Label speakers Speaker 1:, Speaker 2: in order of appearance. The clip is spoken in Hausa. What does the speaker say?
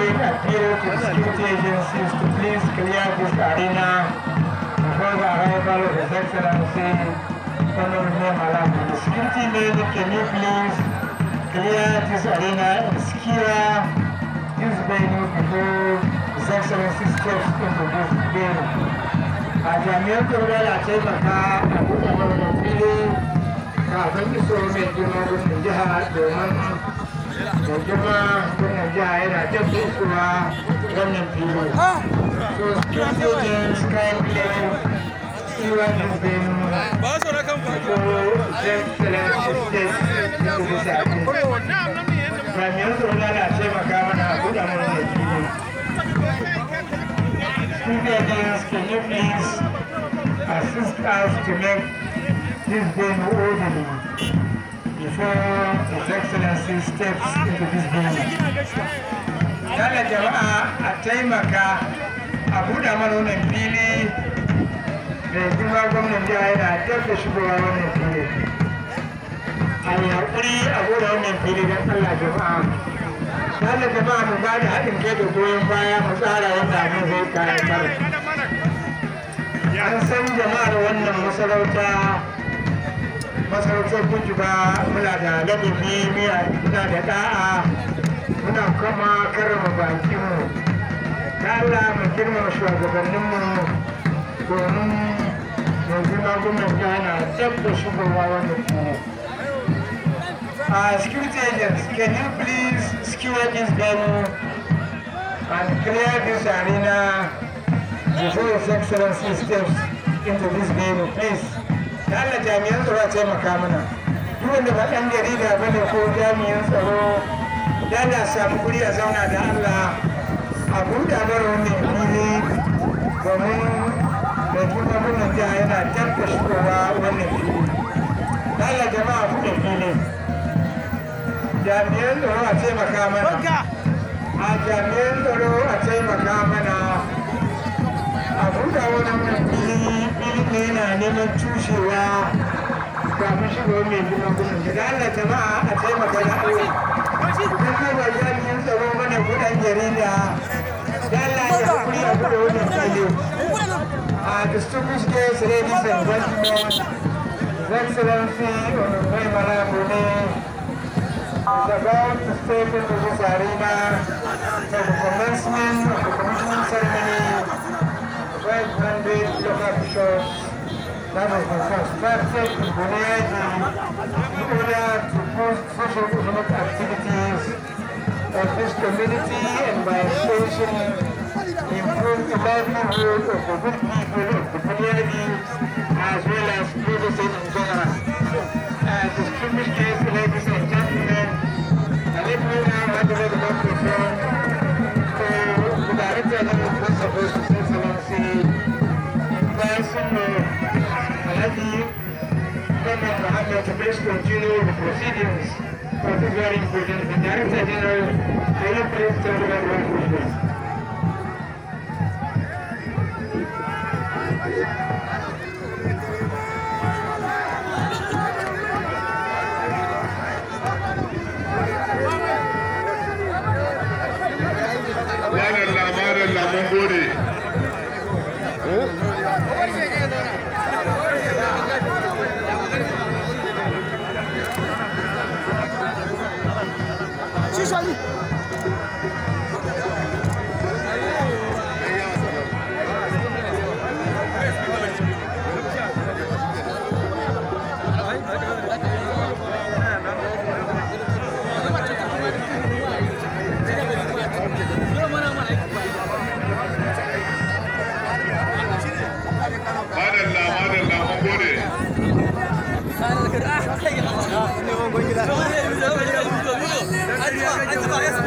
Speaker 1: make appeal to security agencies to please clear this arena before the arrival of His Excellency Honourable Malaki. security men, can you please clear this arena and secure this venue before His Excellency steps into this venue? A jami'ar turai a taimaka a buɗe wani fili kafin iso mai girma gudun jiha domin da girma wannan yana ta kusurwa wannan fili so kayan taimaka a da fili. Students, can you assist us to make this game orderly? before His Excellency steps into this building. Dala jama'a a taimaka a buɗe mana wannan fili da girma gwamnan jiha yana dab da shigowa wannan fili. A yi haƙuri a buɗe wannan fili don Allah jama'a. Dala jama'a mu ba da haɗin kai da goyon baya mu tsara wanda abin zai kayan An san jama'ar wannan masarauta masarautar kunjuba muna da ladabi muna da da'a muna kama karrama bakinmu ta Allah mu girma shugabanninmu domin yanzu magunan yana tsab da shugaba wanda kuma Uh, security agents, can you please secure this venue and clear this arena before His Excellency steps into this venue, please? kala jami'an tsaro a taimaka mana duk wanda ba ɗan jarida ba ne ko jami'an tsaro da da samu kuri a zauna da Allah a buɗe bar ne fili domin da kuma gwamnan jiha yana tabba shigowa wannan fili kala jama'a buɗe fili jami'an tsaro a taimaka mana a jami'an tsaro a taimaka neman tushewa kafin wani mai girma gwamnati da Allah jama'a a taimaka da Allah idan kai ba jami'in tsaro bane ko dan jarida da Allah ya hakuri a kuɗa wannan fili a distinguished guests ladies and gentlemen excellency honorable Malabune is about to step into this arena That was my first practice in Bulgaria in order social economic activities of this community and by extension improve the livelihood of the good people of the community as well as citizens in general. happy government of Hamlet to please continue the proceedings for this very important. The Director General, I will please tell you that one question. Madalla, madalla, mun gode. Bari. Madalla, madalla, mun gode. Yeah, yeah, yeah.